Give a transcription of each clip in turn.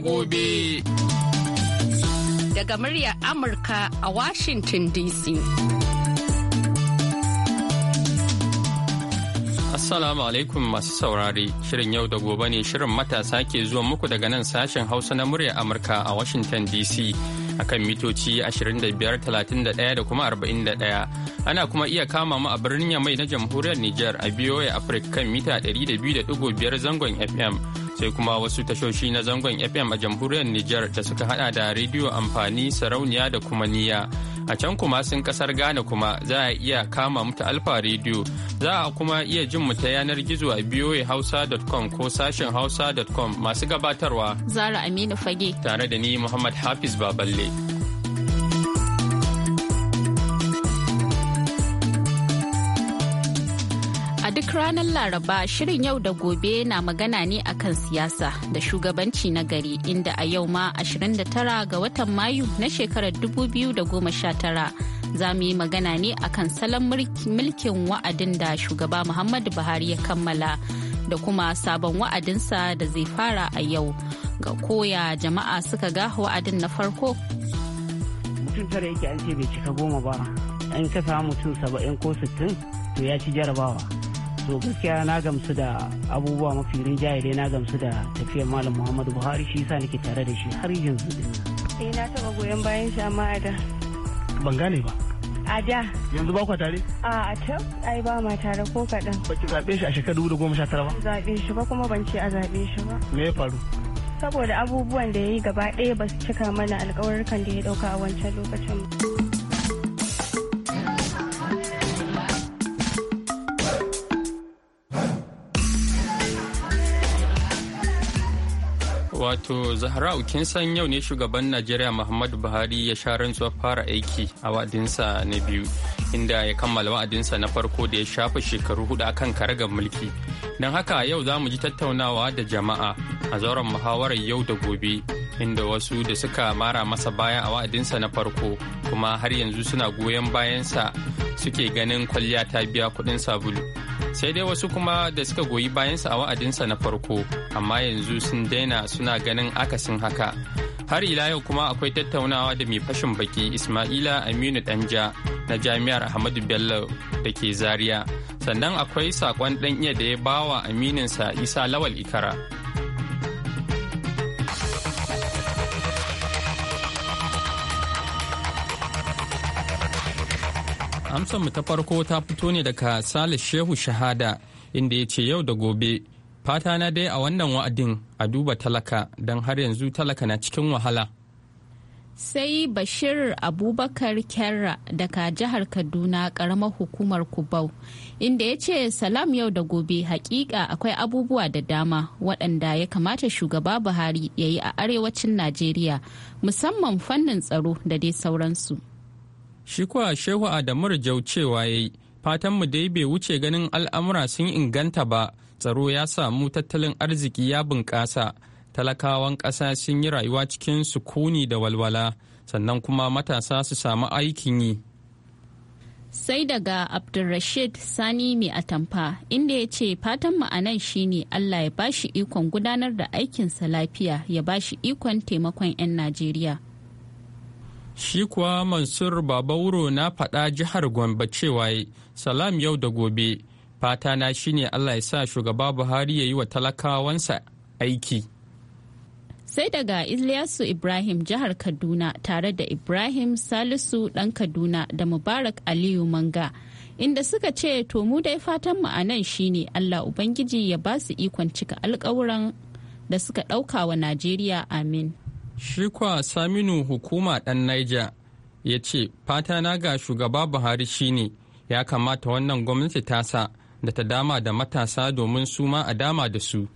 gobe. Daga muryar Amurka a Washington DC. Assalamu alaikum masu saurari, shirin yau da gobe ne shirin matasa ke zuwa muku daga nan sashen Hausa na muryar Amurka a Washington DC. akan mitoci 25,31 da kuma 41. Ana kuma iya kama mu a birnin Yamai na jamhuriyar Nijar a ya Afirka kan mita 200.5 zangon FM sai kuma wasu tashoshi na zangon fm a jamhuriyar niger da suka hada da rediyo amfani sarauniya da kuma niya a can kuma sun kasar ghana kuma za a iya kama mu alfa rediyo za a kuma iya jin mu ta yanar gizo a voahausa.com ko sashen hausa.com masu gabatarwa zara aminu fage tare da ni muhammad hafiz baballe A duk ranar Laraba shirin yau da gobe na magana ne akan siyasa da shugabanci na gari inda a yau ma 29 ga watan Mayu na shekarar 2019 za mu yi magana ne akan salon mulkin wa'adin da shugaba Muhammadu Buhari ya kammala da kuma sabon wa'adinsa da zai fara a yau ga koya jama'a suka ga wa'adin na farko. Mutum yake an ce bai cika goma ba, an ka mutum saba'in ko sittin to ya ci jarabawa. so gaskiya na gamsu da abubuwa mafi rinjaye dai na gamsu da tafiyar malam muhammadu buhari shi yasa nake tare da shi har yanzu din eh na taba goyon bayan shi amma a da ban gane ba a da yanzu ba ku tare a a can ai ba ma tare ko kaɗan ba ki zaɓe shi a shekarar dubu da goma sha tara ba zaɓe shi ba kuma ban ce a zaɓe shi ba me ya faru saboda abubuwan da ya yi gaba ɗaya ba su cika mana alkawarkan da ya ɗauka a wancan lokacin ba wato zahra'u kin san yau ne shugaban najeriya muhammadu buhari ya sha rantsuwar fara aiki a wa'adinsa na biyu inda ya kammala wa'adinsa na farko da ya shafa shekaru hudu akan karagar mulki don haka yau za mu ji tattaunawa da jama'a a zauren muhawarar yau da gobe inda wasu da suka mara masa baya a wa'adinsa na farko kuma har yanzu suna goyon bayansa suke ganin kwalliya ta biya kuɗin sabulu sai dai wasu kuma da suka goyi bayansa a wa'adinsa na farko amma yanzu sun daina suna ganin akasin haka har ila yau kuma akwai tattaunawa da mai fashin baki ismaila aminu danja na jami'ar ahmadu bello da ke zaria sannan akwai sakon dan iya da ya bawa amininsa isa lawal ikara amsar mu ta farko ta fito ne daga Sale Shehu Shahada inda ya ce yau da gobe fata na dai a wannan wa'adin a duba talaka don har yanzu talaka na cikin wahala. Sai Bashir Abubakar Kerra daga jihar Kaduna karamar hukumar Kubau inda ya ce salam yau da gobe hakika akwai abubuwa da dama waɗanda ya kamata shugaba Buhari ya yi a arewacin Najeriya musamman fannin tsaro da dai sauransu. shi kuwa shehu adamur jau cewa ya yi fatanmu dai bai wuce ganin al'amura sun inganta ba tsaro ya samu tattalin arziki ya bunƙasa talakawan ƙasa sun yi rayuwa cikin sukuni da walwala sannan kuma matasa su samu aikin yi sai daga abdulrashid sani mai atamfa inda ya ce fatan ma'anan shine allah ya bashi ikon gudanar da aikinsa lafiya ya bashi ikon taimakon 'yan najeriya Shi kuwa Mansur Babauro na faɗa jihar Gombe cewa salam yau da gobe fata na shine Allah ya sa shugaba Buhari ya yi wa talakawansa aiki. Sai daga Ilyasu Ibrahim jihar Kaduna tare da Ibrahim Salisu ɗan Kaduna da Mubarak Aliyu Manga. inda suka ce to mu dai fatanmu a nan shine Allah Ubangiji ya ba su ikon cika alkawuran da suka ɗauka wa Najeriya amin. Shi kwa Saminu hukuma ɗan Niger ya ce, fata na ga shugaba Buhari shine ya kamata wannan gwamnati tasa da ta dama da matasa domin su ma a dama da su.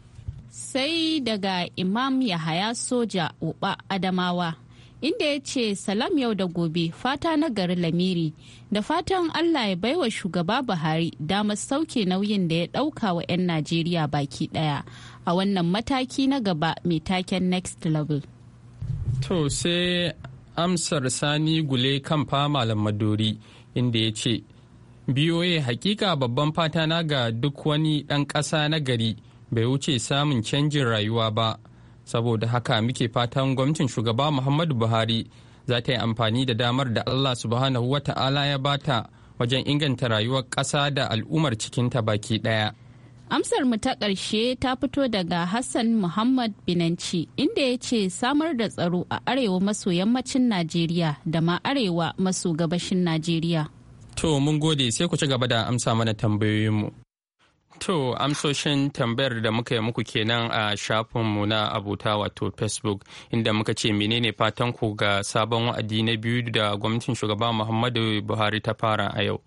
Sai daga Imam Yahaya Soja Uba Adamawa. inda ya ce salam yau da gobe fata na gari lamiri da fatan allah ya baiwa shugaba buhari damar sauke nauyin da ya dauka wa 'yan najeriya baki daya a wannan mataki na gaba mai taken next level To sai amsar Sani Gule kan fama Madori inda ya ce, BOA hakika babban fata na ga duk wani ɗan ƙasa na gari bai wuce samun canjin rayuwa ba, saboda haka muke fatan gwamnatin shugaba Muhammadu Buhari za ta yi amfani da damar da Allah subhanahu wa ta'ala ya bata wajen inganta rayuwar ƙasa da al'ummar cikinta baki ɗaya. Amsar mu ta ƙarshe ta fito daga Hassan Muhammad Binanci inda ya ce samar da tsaro a arewa maso yammacin Najeriya da ma arewa maso gabashin Najeriya. To mun gode sai ku ci gaba da amsa mana tambayoyinmu. To amsoshin tambayar da muka yi muku kenan a shafinmu na abuta wato Facebook inda muka ce menene fatan ku ga sabon wa'adi na biyu da gwamnatin shugaba Muhammadu Buhari ta fara a yau.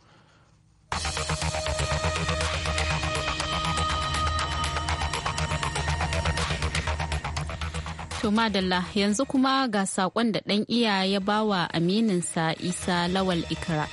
To madalla yanzu kuma ga sakon da ɗan iya ya bawa sa Isa Lawal Ikra.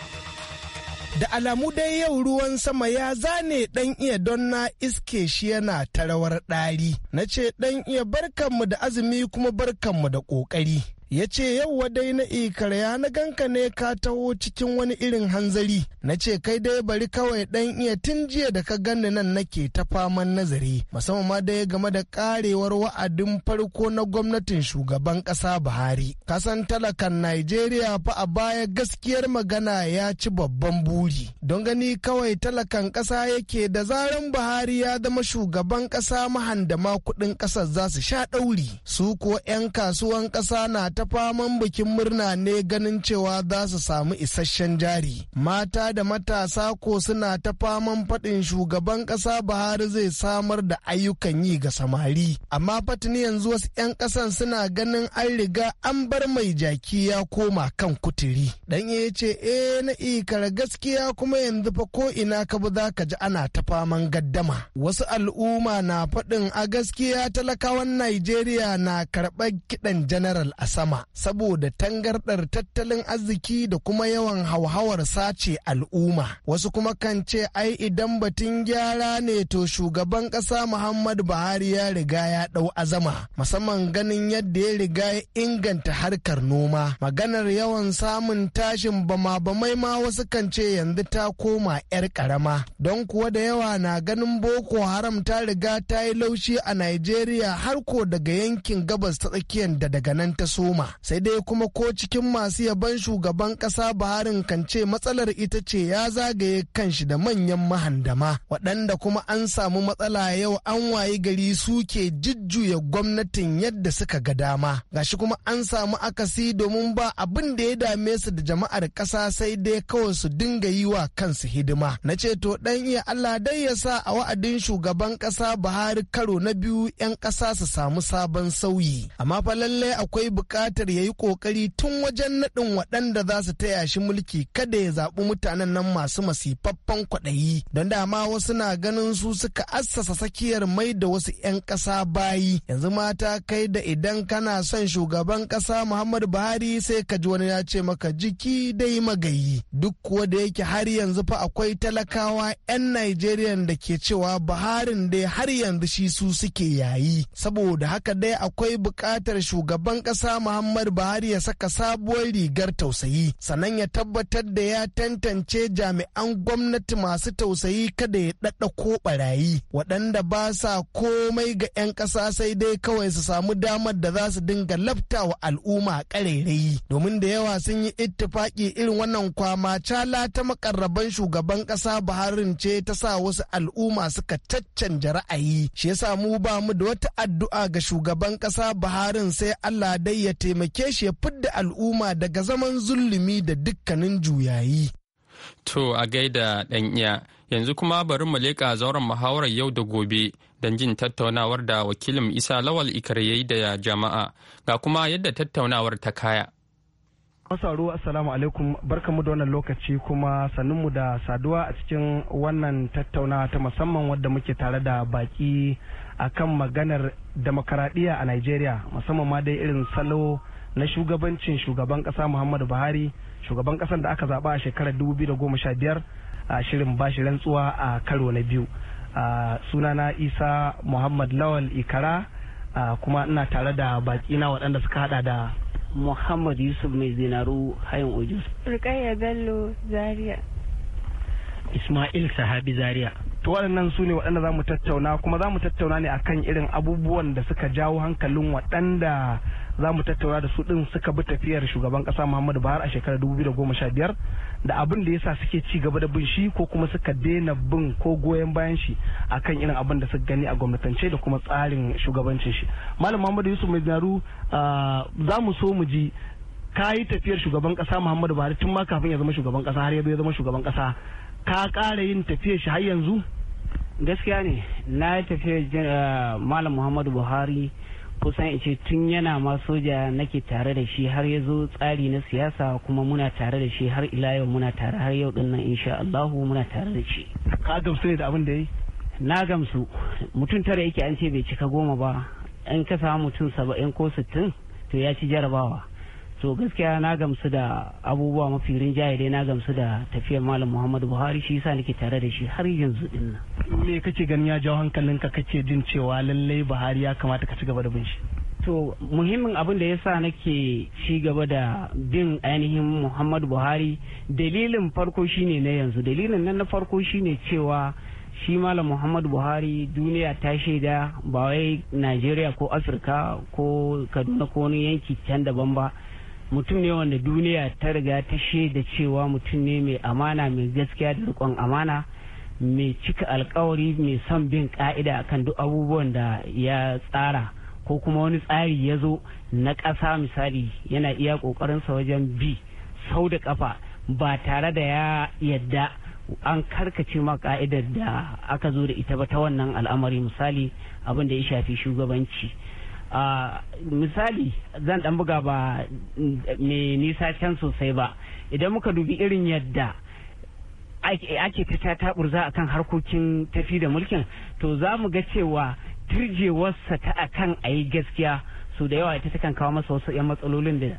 da alamu dai yau ruwan sama ya zane dan iya don na iske shi yana tarawar ɗari na ce dan iya barkanmu da azumi kuma barkanmu da ƙoƙari ya ce yau wadai na ikarya na ganka ne ka taho cikin wani irin hanzari na ce kai dai bari kawai dan iya tun jiya da ka ganni nan nake ta faman nazari musamman ma dai game da karewar wa'adin farko na gwamnatin shugaban kasa buhari kasan talakan najeriya fa a baya gaskiyar magana ya ci babban buri don gani kawai talakan kasa yake da zaran buhari ya zama shugaban kasa mahandama kuɗin ƙasar za su sha ɗauri su ko 'yan kasuwan ƙasa na ta ta faman bikin murna ne ganin cewa za su samu isasshen jari mata da matasa ko suna ta faman faɗin shugaban ƙasa buhari zai samar da ayyukan yi ga samari amma fatini yanzu wasu 'yan ƙasan suna ganin an riga an bar mai jaki ya koma kan kuturi dan ya ce eh na ikara gaskiya kuma yanzu fa ko ina ka bi za ka ji ana ta faman gaddama wasu al'umma na faɗin a gaskiya talakawan najeriya na karɓar kiɗan janaral a sama saboda tangardar tattalin arziki da kuma yawan hauhawar sace al'umma. Wasu kuma kan ce ai idan batun gyara ne to shugaban ƙasa Muhammadu Buhari ya riga ya ɗau azama musamman ganin yadda ya riga ya inganta harkar noma. Maganar yawan samun tashin bama-bamai ma wasu kan ce yanzu ta koma 'yar karama don kuwa da yawa na ganin Boko Haram ta riga ta yi laushi a Najeriya har ko daga yankin gabas ta tsakiyar da daga nan ta so goma sai dai kuma ko cikin masu yaban shugaban ƙasa buharin kan ce matsalar ita ce ya zagaye kanshi da manyan mahandama waɗanda kuma an samu matsala yau an wayi gari suke jujjuya gwamnatin yadda suka ga dama gashi kuma an samu akasi domin ba abin da ya dame su da jama'ar ƙasa sai dai kawai su dinga yi wa kansu hidima na ce to dan iya Allah dai ya sa a wa'adin shugaban ƙasa Buhari karo na biyu 'yan ƙasa su samu sabon sauyi amma fa lallai akwai buƙatar buƙatar ya yi ƙoƙari tun wajen naɗin waɗanda za su taya shi mulki kada ya zaɓi mutanen nan masu masifaffen kwaɗayi don dama wasu na ganin su suka assasa sakiyar mai da wasu 'yan ƙasa bayi yanzu mata kai da idan kana son shugaban ƙasa muhammadu buhari sai ka ji wani ya ce maka jiki dai magayi duk kuwa da yake har yanzu fa akwai talakawa 'yan najeriya da ke cewa buharin dai har yanzu shi su suke yayi saboda haka dai akwai buƙatar shugaban ƙasa Muhammad Buhari ya saka sabuwar rigar tausayi sannan ya tabbatar da ya tantance jami'an gwamnati masu tausayi kada ya ɗaɗa ko ɓarayi waɗanda ba sa komai ga 'yan ƙasa sai dai kawai su samu damar da za su dinga lafta wa al'umma ƙarairayi domin da yawa sun yi ittifaki irin wannan kwama cala ta makarraban shugaban ƙasa Buharin ce ta sa wasu al'umma suka caccanja ra'ayi shi yasa mu ba mu da wata addu'a ga shugaban ƙasa Buharin sai Allah dai ya taimake shi ya fidda al'umma daga zaman zulumi da dukkanin juyayi. To a gaida ɗan iya yanzu kuma bari mu leƙa zauren muhawarar yau da gobe don jin tattaunawar da wakilin isa lawal ikar yayi da jama'a ga kuma yadda tattaunawar ta kaya. Masaru assalamu alaikum barkamu da wannan lokaci kuma mu da saduwa a cikin wannan tattaunawa ta musamman wadda muke tare da baki a kan maganar demokaradiyya a Najeriya musamman ma dai irin salo na shugabancin shugaban kasa Muhammadu Buhari shugaban kasan da aka zaba a shekarar 2015 a shirin bashi rantsuwa a karo na biyu sunana Isa Muhammad Lawal Ikara kuma ina tare da baki na waɗanda suka hada da muhammad yusuf mai zinaru hayan ojo Rukaiya bello zaria ismail sahabi zaria to waɗannan su ne waɗanda za mu tattauna kuma za mu tattauna ne akan irin abubuwan da suka jawo hankalin waɗanda za mu tattauna da su din suka bi tafiyar shugaban kasa muhammadu buhari a shekarar 2015 da abin da yasa suke ci gaba da bin shi ko kuma suka daina bin ko goyon bayan shi akan irin abin da suka gani a gwamnatance da kuma tsarin shugabancin shi malam muhammadu yusuf mai za mu so mu ji ka yi tafiyar shugaban kasa muhammadu buhari tun ma kafin ya zama shugaban kasa har ya zama shugaban kasa ka kara yin tafiyar shi har yanzu gaskiya ne na yi tafiyar eh, malam muhammadu buhari kusan ice tun yana ma soja nake tare da shi har ya zo tsari na siyasa kuma muna tare da shi har ila yau muna tare har yau din nan insha Allahu muna tare da shi ka gamsu ne da abin da yi na gamsu mutum tare yake an ce bai cika goma ba an ka samu mutum saba'in ko sittin to ya ci jarabawa to gaskiya na gamsu da abubuwa mafi rinjaye dai na gamsu da tafiyar malam muhammadu buhari shi yasa nake tare da shi har yanzu din nan me kake ganin ya jawo hankalinka kace jin cewa lallai buhari ya kamata ka ci gaba da bin shi to muhimmin abin da yasa nake ci gaba da bin ainihin muhammadu buhari dalilin farko shine na yanzu dalilin nan na farko shine cewa shi malam muhammadu buhari duniya ta shaida ba wai najeriya ko afirka ko kaduna ko wani yanki can daban ba mutum ne wanda duniya ta riga ta shaida cewa mutum ne mai amana mai gaskiya da rikon amana mai cika alkawari mai son bin ka'ida akan duk abubuwan da ya tsara ko kuma wani tsari ya zo na ƙasa misali yana iya ƙoƙarinsa wajen bi sau da ƙafa ba tare da ya yadda an karkace ma ka'idar da aka zo da ita ba ta wannan al'amari misali abin da ya shafi shugabanci misali zan dan buga ba mai mm, nisa can sosai ba idan muka dubi irin yadda ake fita ta burza kan harkokin tafi da mulkin to za mu ga cewa turjewarsa ta akan a yi gaskiya su da yawa ita takan kawo masa wasu 'yan matsalolin da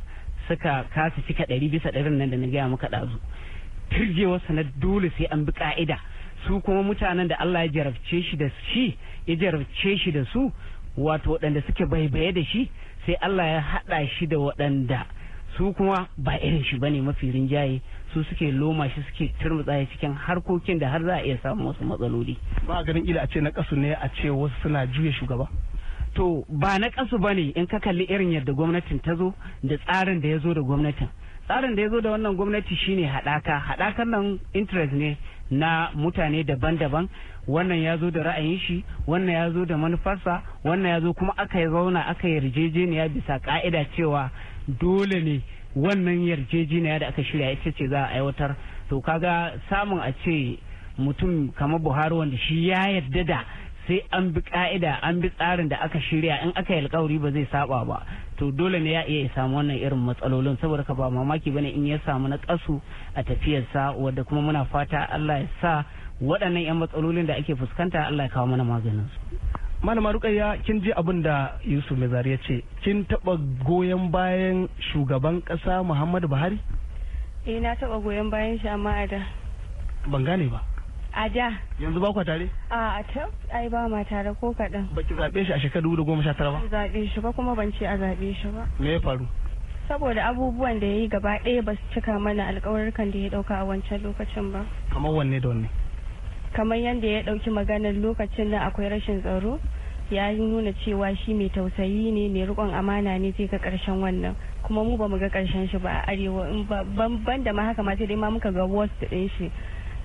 suka kasa cika ɗari bisa ɗarin nan da na gaya muka ɗazu turjewarsa na dole sai an bi ƙa'ida su kuma mutanen da Allah ya jarabce da shi ya jarabce shi da su wato waɗanda suke baibaye da shi sai Allah ya haɗa shi da waɗanda su kuma ba irin shi bane mafi rinjaye su suke loma shi suke turmutsa cikin harkokin da har za a iya samu wasu matsaloli ba ganin ila a ce na kasu ne a ce wasu suna juya shugaba to ba na kasu bane in ka kalli irin yadda gwamnatin ta zo da tsarin da ya zo da gwamnatin tsarin da ya zo da wannan gwamnati shine haɗaka hadakan nan interest ne na mutane daban-daban wannan ya zo da ra'ayin shi wannan ya zo da manufarsa wannan ya zo kuma aka yi zauna aka yarjejeniya bisa ka'ida cewa dole ne wannan yarjejeniya da aka shirya ita ce za a aiwatar to kaga samun a ce mutum kamar buhari wanda shi ya yarda da sai an bi ka'ida an bi tsarin da aka shirya in aka yi alkawari ba zai saba ba to dole ne ya iya samu wannan irin matsalolin saboda ka ba mamaki bane in ya samu na kasu a tafiyarsa wadda kuma muna fata Allah ya sa waɗannan 'yan matsalolin da ake fuskanta Allah ya kawo mana maganin su. Malama Rukayya kin ji abin da Yusuf Mezari ya ce kin taɓa goyon bayan shugaban ƙasa Muhammadu Buhari? Eh na taɓa goyon bayan shi amma a da. Ban gane ba. A da. Yanzu ba kwa tare? A a ta ai ba ma tare ko kaɗan. Ba ki zaɓe shi a shekaru dubu da goma sha tara ba? Zaɓe shi ba kuma ban ce a zaɓe shi ba. Me ya faru? saboda abubuwan da ya yi gaba ɗaya ba su cika mana alƙawarkan da ya ɗauka a wancan lokacin ba. Kamar wanne da wanne? kamar yadda ya dauki maganar lokacin da akwai rashin tsaro ya nuna cewa shi mai tausayi ne mai rikon amana ne zai ga karshen wannan kuma mu ba mu ga karshen shi ba a arewa ban da ma haka ma sai dai ma muka ga worst din shi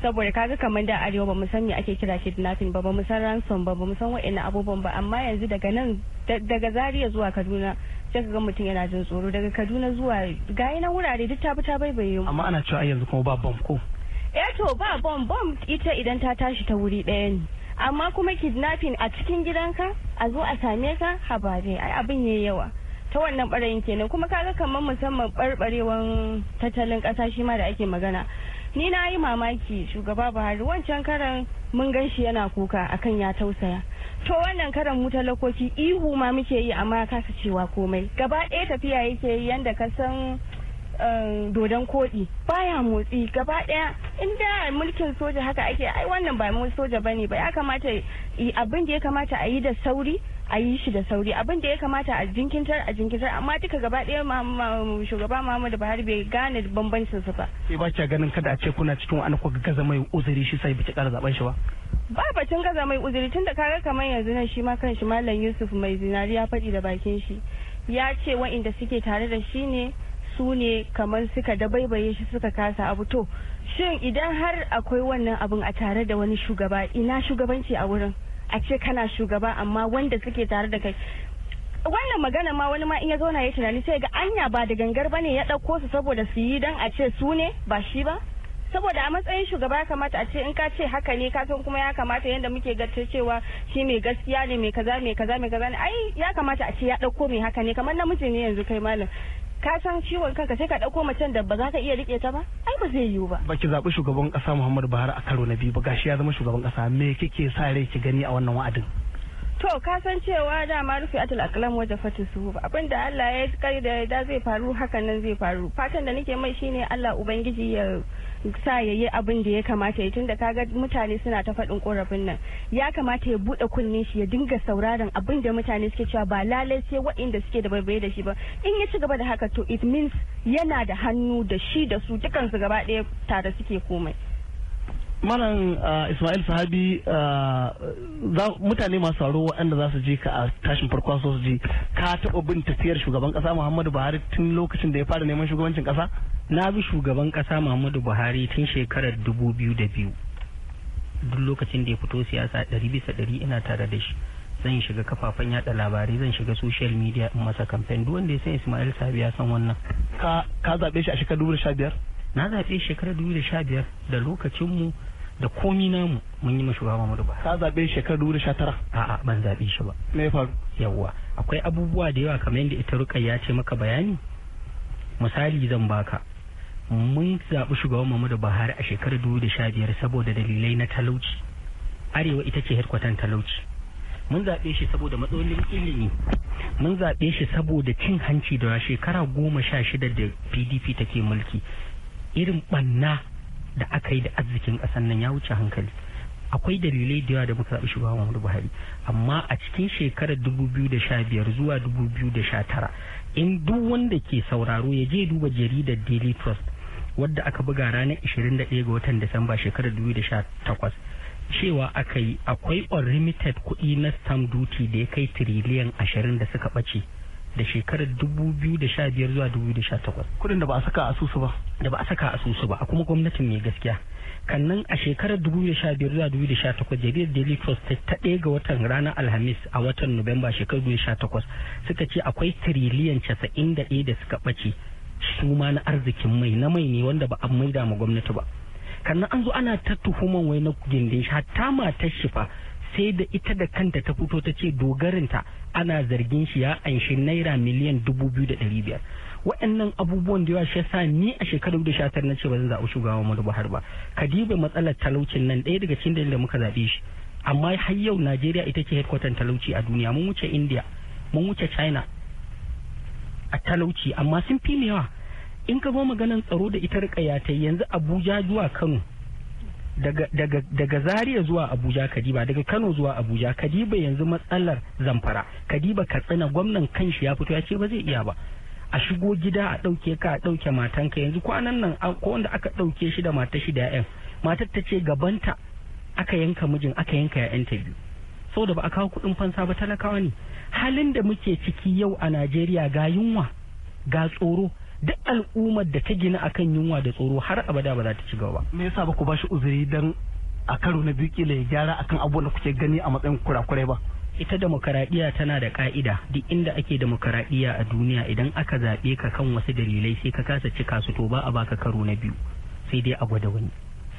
saboda kaga kamar da arewa ba mu san me ake kira kidnapping ba ba mu san ransom ba ba mu san wa'annan abubuwan ba amma yanzu daga nan daga zaria zuwa kaduna sai ka ga mutum yana jin tsoro daga kaduna zuwa gayi na wurare duk ta bi ta baibaye amma ana cewa yanzu kuma ba bam ko eh to ba bom bom ita idan ta tashi ta wuri ɗaya ne amma kuma kidnapping a cikin gidanka a zo a same ka habare ai abin yayi yawa ta wannan barayin kenan kuma kaga kamar musamman ɓarɓarewan tattalin ƙasa shi ma da ake magana ni na yi mamaki shugaba buhari wancan karan mun gan shi yana kuka akan ya tausaya to wannan karan mu talakoki ihu ma muke yi amma kasa cewa komai gaba ɗaya tafiya yake yi yanda ka san Um, dodon koɗi baya motsi gaba ɗaya in da mulkin soja haka ake ai wannan ba mu soja bane ba ya kamata abin da ya kamata a yi da sauri a yi shi da sauri abin da ya kamata a jinkintar a jinkintar amma duka gaba ɗaya shugaba muhammadu buhari bai gane bambancin su ba sai eh, ba kya ganin kada a ce kuna cikin wani kuka gaza mai uzuri shi sai biki kara zaben shi ba ba batun gaza mai uzuri tun da kaga kamar yanzu nan shi ma kan shi malam yusuf mai zinari ya faɗi da bakin shi ya ce wa'inda suke tare da shi ne su ne kamar suka dabaibaye shi suka kasa abu to shin idan har akwai wannan abun a tare da wani shugaba ina shugabanci a wurin a ce kana shugaba amma wanda suke tare da kai wannan magana ma wani ma in ya zauna ya tunani sai ga anya ba da gangar ba ne ya ɗauko su saboda su yi don a ce su ne ba shi ba saboda a matsayin shugaba ya kamata a ce in ka ce haka ne ka kuma ya kamata yadda muke gata cewa shi mai gaskiya ne mai kaza mai kaza mai kaza ne ai ya kamata a ce ya ɗauko mai haka ne kamar namiji ne yanzu kai malam ka san ciwon kanka sai ka ɗauko mace da ba za ka iya rike ta ba ai ba zai yiwu ba baki zaɓi shugaban ƙasa Muhammadu Buhari a karo na biyu ba gashi ya zama shugaban kasa me kike sa rai ki gani a wannan wa'adin To kasan cewa dama rufe atal akalam waje fatin su abin da Allah ya kai da da zai faru hakan nan zai faru fatan da nake mai shine Allah ubangiji ya sa ya yi abin da ya kamata ya tunda kaga mutane suna ta faɗin korafin nan ya kamata ya buɗe kunnen shi ya dinga sauraron abin da mutane suke cewa ba lalai sai waɗanda suke da baibaye da shi ba in ya ci gaba da haka to it means yana da hannu da shi da su dukansu gaba ɗaya tare suke komai. malam uh, ismail sahabi uh, mutane masu sauro waɗanda za su je ka a tashin farko so su ji ka taɓa bin tafiyar shugaban ƙasa muhammadu buhari tun lokacin da ya fara neman shugabancin ƙasa na bi shugaban ƙasa muhammadu buhari tun shekarar dubu biyu da biyu duk lokacin da ya fito siyasa ɗari bisa ɗari ina tare da shi zan shiga kafafen yada labarai zan shiga social media in masa kamfen duk wanda ya san ismail sahabi ya san wannan ka zaɓe shi a shekarar dubu da sha biyar na zaɓe shekarar dubu da sha biyar da lokacinmu da komi namu mun yi mashi mu da ba ka zabe shekaru da sha tara a'a ban zabe shi ba me faru yawwa akwai abubuwa da yawa kamar yadda ita ruka ya ce maka bayani misali zan baka mun zaɓi shugaban Muhammadu Buhari a shekarar biyar saboda dalilai na talauci arewa ita ce hirkwatan talauci mun zaɓe shi saboda matsalolin ilimi mun zaɓe shi saboda cin hanci da shekara goma sha shida da pdp take mulki irin ɓanna da aka yi da arzikin ƙasar nan ya wuce hankali akwai dalilai da yawa da muka zaɓi shugaban Muhammadu Buhari amma a cikin shekarar 2015 zuwa 2019 in duk wanda ke sauraro ya je duba jaridar Daily Trust wadda aka buga ranar 21 ga watan Disamba shekarar 2018 cewa aka yi akwai unlimited kuɗi na stamp duty da ya kai tiriliyan ashirin da suka ɓace da shekarar 2015 zuwa 2018 kudin da ba a saka asusu ba da ba a saka asusu ba a kuma gwamnatin mai gaskiya Kan nan a shekarar 2015 zuwa 2018 jaridar daily trust ta ɗaya ga watan ranar alhamis a watan nuwamba shekarar 2018 suka ce akwai tiriliyan casa'in da suka ɓace su ma na arzikin mai na mai ne wanda ba a maida ma gwamnati ba kannan an zo ana ta tuhuman wai na gindin shi hatta ma ta shifa. sai da ita da kanta ta fito ta ce dogarinta ana zargin shi ya anshi naira miliyan dubu biyu da ɗari biyar waɗannan abubuwan da yawa shi yasa ni a shekarar da shatar na ce ba zan zaɓi shugaban da Buhari ba kadiba matsalar talaucin nan ɗaya daga cikin dalilin da muka zaɓe shi amma har yau Najeriya ita ce headquarter talauci a duniya mun wuce India mun wuce China a talauci amma sun fi yawa in ka zo maganan tsaro da ita rika yanzu Abuja zuwa Kano daga daga Zaria zuwa Abuja Kadiba daga Kano zuwa Abuja Kadiba yanzu matsalar Zamfara Kadiba Katsina gwamnan kanshi ya fito ya ce ba zai iya ba a shigo gida a ɗauke ka a ɗauke matanka yanzu kwanan nan ko wanda aka ɗauke shi da mata shi da 'ya'yan matar ta ce gabanta aka yanka mijin aka yanka 'ya'yanta biyu saboda ba a kawo kuɗin fansa ba talakawa ne halin da muke ciki yau a Najeriya ga yunwa ga tsoro duk al'ummar da ta gina akan yunwa da tsoro har abada ba za ta ci gaba ba me yasa ba ku ba shi uzuri dan a karo na biyu kila ya gyara akan abubuwan da kuke gani a matsayin kurakurai ba ita demokaradiyya tana da ka'ida duk inda ake demokaradiyya a duniya idan aka zaɓe ka kan wasu dalilai sai ka kasa cika su to ba a baka karo na biyu sai dai a gwada wani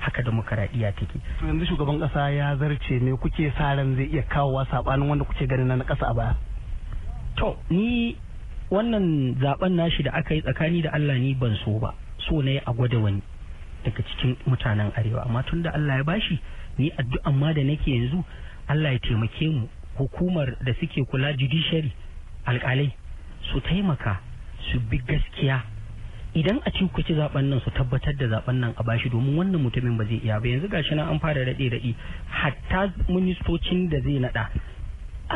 haka demokaradiyya take to yanzu shugaban kasa ya zarce ne kuke sa ran zai iya kawowa sabanin wanda kuke ganin na kasa a baya to ni wannan zaben nashi da aka yi tsakani da Allah ni ban so ba so ne a gwada wani daga cikin mutanen arewa amma tun da Allah ya bashi ni addu'an ma da nake yanzu Allah ya taimake mu hukumar da suke kula judiciary alƙalai su taimaka su bi gaskiya idan a ci kuke zaben nan su tabbatar da zaben nan a bashi domin wannan mutumin ba zai iya ba yanzu gashi na an fara rade rade hatta ministocin da zai naɗa.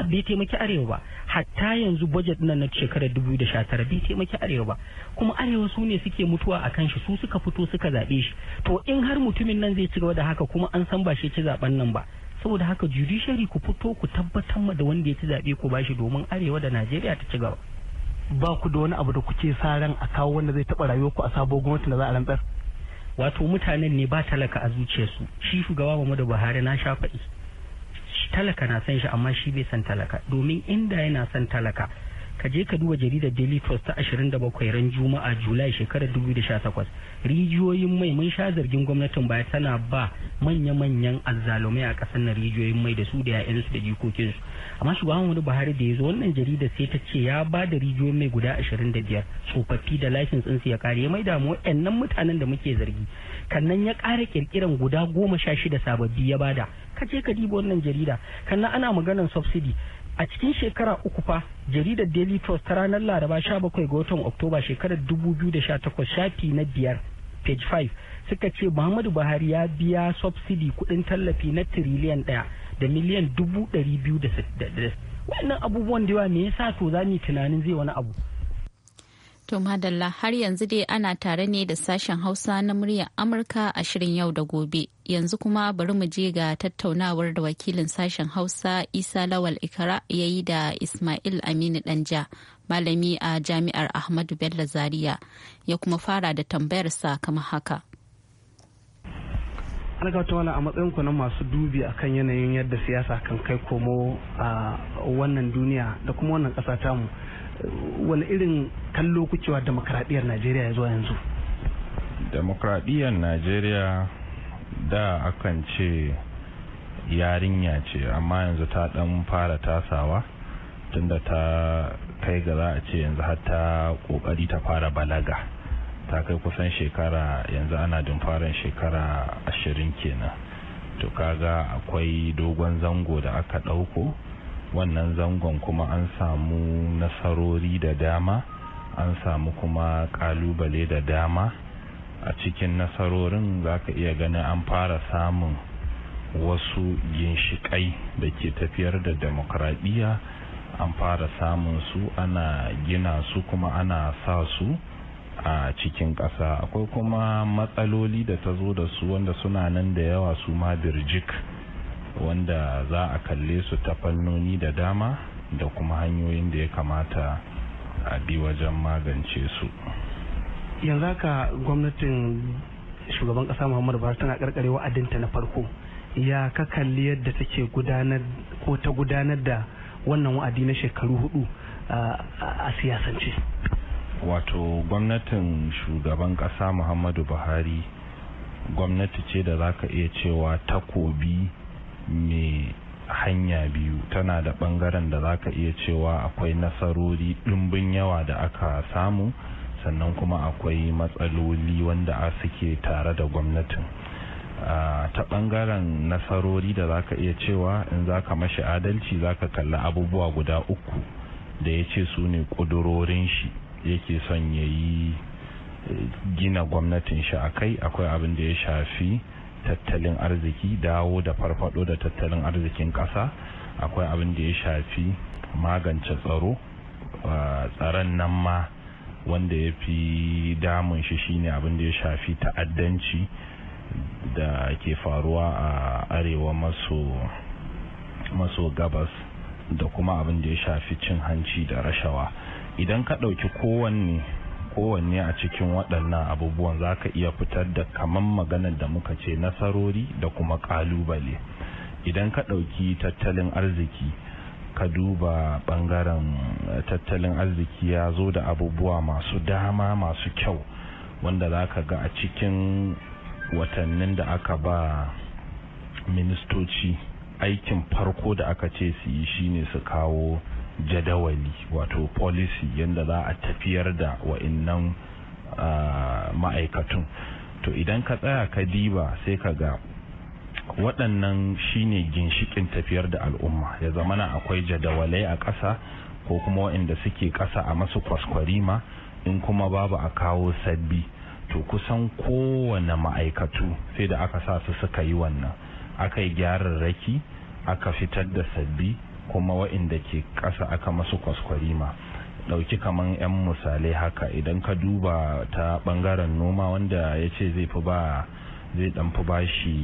bai taimaki arewa ba hatta yanzu budget nan na shekarar 2019 bai taimaki arewa ba kuma arewa su ne suke mutuwa a kan shi su suka fito suka zaɓe shi to in har mutumin nan zai ci gaba da haka kuma an san ba shi ci zaben nan ba saboda haka judiciary ku fito ku tabbatar ma da wanda ya ci zaɓe ku bashi domin arewa da najeriya ta ci gaba ba ku da wani abu da kuke sa ran a kawo wanda zai taɓa rayuwar ku a sabon gwamnati da za a rantsar wato mutanen ne ba talaka a zuciyarsu shi shugaba Muhammadu Buhari na sha talaka na san shi amma shi bai san talaka domin inda yana san talaka ka je ka duba jaridar daily trust ta 27 ran juma'a julai shekarar 2018 rijiyoyin mai mun sha zargin gwamnatin baya tana ba manya-manyan azzalumai a kasar na rijiyoyin mai da su da yayansu da jikokinsu amma shugaban wani buhari da ya zo wannan jaridar sai ta ce ya ba da rijiyoyin mai guda 25 tsofaffi da license ɗinsu ya kare ya mai damu wa'annan mutanen da muke zargi kannan ya kara kirkiran guda goma sha shida sababbi ya bada ka je ka diba wannan jarida kannan ana maganan subsidy a cikin shekara uku fa jaridar daily trust ta ranar laraba 17 ga watan oktoba shekarar 2018 shafi na biyar page 5 suka ce muhammadu buhari ya biya subsidy kudin tallafi na tiriliyan daya da miliyan dubu dari biyu da abubuwan da yawa me yasa to za mu tunanin zai wani abu To Madalla har yanzu dai ana tare ne da sashen Hausa na muryar Amurka a shirin yau da gobe. Yanzu kuma bari mu je ga tattaunawar da wakilin sashen Hausa Isa Lawal Ikara ya yi da Ismail Aminu Danja, malami a Jami'ar Ahmadu Bello Zaria, ya kuma fara da tambayarsa kamar haka. an wani a matsayin ku na masu dubi akan yanayin yadda siyasa kan kai komo a wannan duniya da kuma wannan ƙasa tamu wani irin kallo kucewa demokradiyyar najeriya ya zuwa yanzu demokradiyyar najeriya da akan ce yarinya ce amma yanzu ta dan fara tasawa tunda ta kai ga za a ce yanzu har ta kokari ta fara balaga ta kai kusan shekara yanzu ana dumfarin shekara ashirin kenan to kaga akwai dogon zango da aka ɗauko wannan zangon kuma an samu nasarori da dama an samu kuma kalubale da dama a cikin nasarorin za ka iya ganin an fara samun wasu ginshiƙai da ke tafiyar da demokradiyya an fara samun su ana gina su kuma ana sa su a cikin ƙasa akwai kuma matsaloli da ta zo da su wanda suna nan da yawa su ma birjik wanda za a kalle su ta fannoni da dama da kuma hanyoyin da ya kamata a bi wajen magance su yanzu haka gwamnatin shugaban kasa muhammadu buhari tana karkare wa'adinta na farko ya ka kalli yadda take gudanar ko ta gudanar da wannan wa'adi na shekaru hudu a siyasance wato gwamnatin shugaban kasa muhammadu buhari gwamnati ce da za ka iya cewa takobi Me hanya biyu tana da bangaren da zaka iya cewa akwai nasarori ɗumbin yawa da aka samu sannan kuma akwai matsaloli wanda a suke tare da gwamnatin ta bangaren nasarori da zaka iya cewa in zaka mashi adalci zaka kalla abubuwa guda uku da ya ce su ne kudurorin shi yake son yayi eh, gina gwamnatin shi a kai akwai abin da ya shafi tattalin arziki dawo da farfado da tattalin arzikin ƙasa akwai abin da ya shafi magance tsaro tsaron nan ma wanda ya fi damun shi shine abin da ya shafi ta'addanci da ke faruwa a arewa maso gabas da kuma abin da ya shafi cin hanci da rashawa idan ka ɗauki kowanne kowanne a cikin waɗannan abubuwan za ka iya fitar da kaman maganar da muka ce nasarori da kuma ƙalubale idan ka ɗauki tattalin arziki ka duba ɓangaren eh, tattalin arziki ya zo da abubuwa masu dama masu kyau wanda za ka ga a cikin watannin da aka ba ministoci aikin farko da aka ce su yi shine su kawo jadawali wato policy yadda za a tafiyar da wa'innan ma'aikatun to idan ka tsaya ka diba sai ka ga waɗannan shine ginshikin tafiyar da al'umma ya zamana akwai jadawalai a ƙasa ko kuma waɗanda suke ƙasa a masu kwaskwarima in kuma babu a kawo sabbi to kusan kowane ma'aikatu sai da aka sa su suka yi wannan aka yi gyararraki aka fitar da sabbi kuma waɗanda ke ƙasa aka masu kwaskwarima ɗauki kaman 'yan misalai haka idan ka duba ta ɓangaren noma wanda ya ce zai fi ba zai dan fi bashi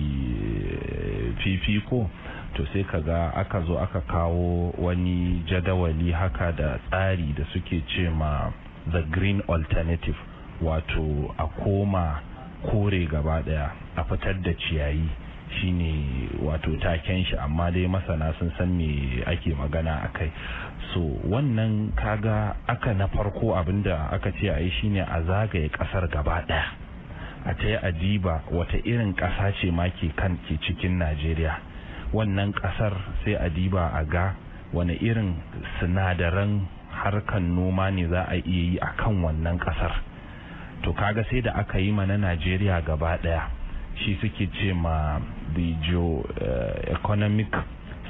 eh, fifiko to sai ka ga aka zo aka kawo wani jadawali haka da tsari da suke ce ma the green alternative wato a koma kore gaba daya a fitar da ciyayi shine wato taken shi amma dai masana sun san me ake magana a kai so wannan kaga aka na farko abinda aka ce a yi shine a zagaye kasar gaba daya a ta yi adiba wata irin ƙasa ce ma ke kan ke cikin najeriya wannan ƙasar sai adiba a ga wani irin sinadaran harkan noma ne za a iya yi a kan wannan ƙasar to kaga sai da aka yi mana najeriya gaba daya shi suke ce ma the geo uh, economic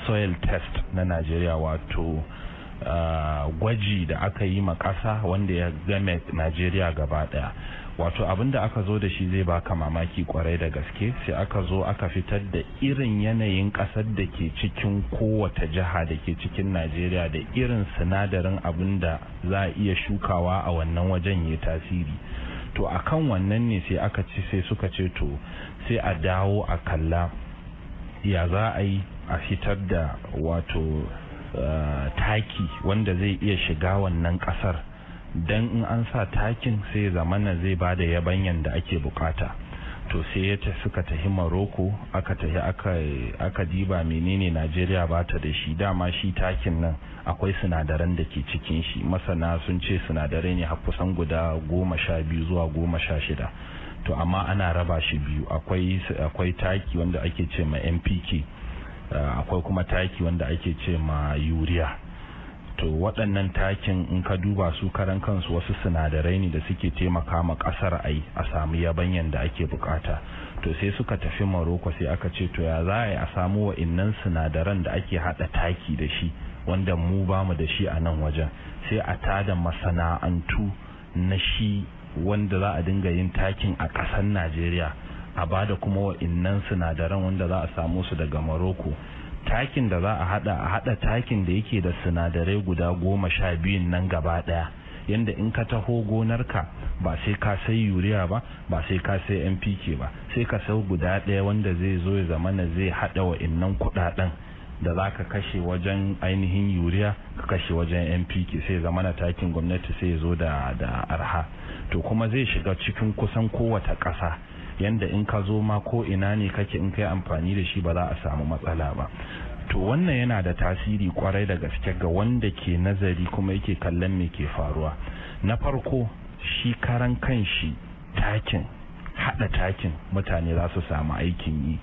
soil test na najeriya wato uh, gwaji da aka yi ma ƙasa wanda ya game najeriya gaba daya wato abin da aka zo da shi zai baka mamaki kwarai da gaske sai aka zo aka fitar da irin yanayin kasar da ke cikin kowace jiha da ke cikin najeriya da irin sinadarin abin da za a iya shukawa a wannan wajen ya tasiri to a kan wannan ne sai aka ci sai suka ce to sai a dawo a kalla ya za a yi a fitar da wato eh, taki wanda zai iya shiga wannan kasar don in an sa takin sai zamana zai ba da yabanyan da ake bukata to sai ya tafi suka tafi maroko aka tafi aka diba menene najeriya ba ta da shi dama shi takin nan akwai sinadaran da ke cikin shi masana sun ce sinadarai ne kusan guda goma sha biyu zuwa goma sha shida to amma ana raba shi biyu akwai taki wanda ake ce ma mpk eh, akwai kuma taki wanda ake ce ma yuriya to waɗannan takin in ka duba su karan kansu wasu sinadarai ne da suke taimaka ma ƙasar ai a samu yabanyan da ake bukata to sai suka tafi maroko sai aka ce to ya za a yi a samu wa'innan sinadaran da ake haɗa taki da shi wanda mu ba mu da shi a nan wajen sai a tada masana'antu na shi wanda za a dinga yin takin a ƙasar najeriya a bada kuma wa'innan sinadaran wanda za a samu su daga maroko takin da za a hada a hada takin da yake da sinadarai guda goma sha biyun nan gaba daya yanda in ka taho gonarka ba sai ka sai yuriya ba ba sai ka sai npk ba sai ka sau guda daya wanda zai zo ya zamana zai hada wa innan kudaden da za ka kashe wajen ainihin yuriya ka kashe wajen npk sai zamana takin gwamnati sai zo da arha to kuma zai shiga cikin kusan kowata ƙasa yanda in ka zo ma ko ina ne kake in kai amfani da shi ba za a samu matsala ba to wannan yana da tasiri kwarai da gaske ga wanda ke nazari kuma yake kallon me ke faruwa na farko shi karan kanshi takin hada takin mutane za su samu aikin yi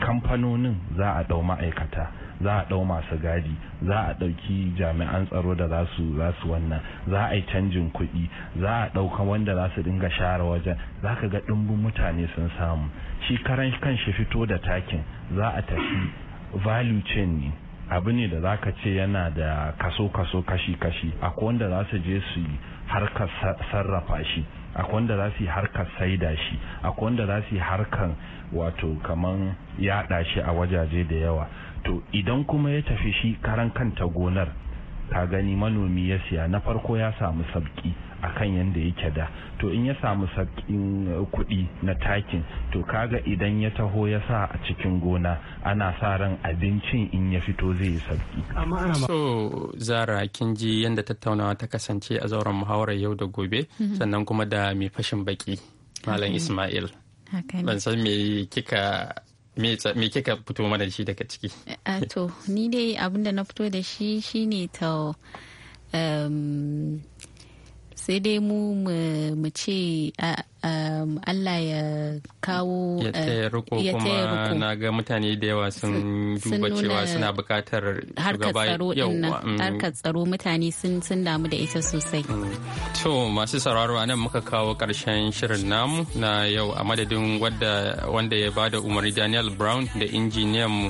kamfanonin za a dau ma'aikata za a ɗau masu gadi za a ɗauki jami'an tsaro da za su za su wannan za a yi canjin kuɗi za a ɗauka wanda za su dinga share wajen za ka ga ɗumbin mutane sun samu shi karan kan shi fito da takin za a tafi value chain ne abu ne da za ka ce yana da kaso-kaso kashi-kashi akwai wanda za su je su yi harkar sarrafa shi akwai wanda za su yi harkar saida shi akwai wanda za su yi harkar wato kaman yaɗa shi a wajaje da yawa to idan kuma ya tafi shi karan kanta gonar ka gani manomi ya siya na farko ya samu sabki kan yadda yake da to in ya samu sabkin eh, kuɗi na takin to kaga idan ya taho ya sa a cikin gona ana sa ran abincin in ya fito zai yi sabki so zara kin ji yadda tattaunawa ta kasance a zauren muhawarar yau da gobe mhm. sannan kuma da mai fashin baki malam ismail ban san me kika me kika fito mana da shi daga ciki eh, eh, to ni dai abin da na fito da shi shine ta um, sai dai mu mu ce um, Allah ya kawo ya uh, taya riko kuma na ga mutane da yawa sun duba cewa suna bukatar mm. harkar tsaro mutane sun damu da ita sosai. Mm. To masu sauraro a nan muka kawo karshen shirin namu na yau a madadin wanda ya bada umarni Daniel Brown da injiniyan mu.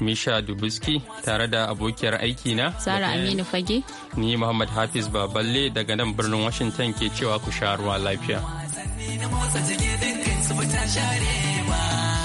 Misha Dubuski tare da abokiyar aiki na. Sara Aminu Fage. Ni Muhammad Hafiz Baballe daga nan birnin Washington ke cewa ku sha ruwa lafiya. wasanni na motsa jiki dukkan su ba ta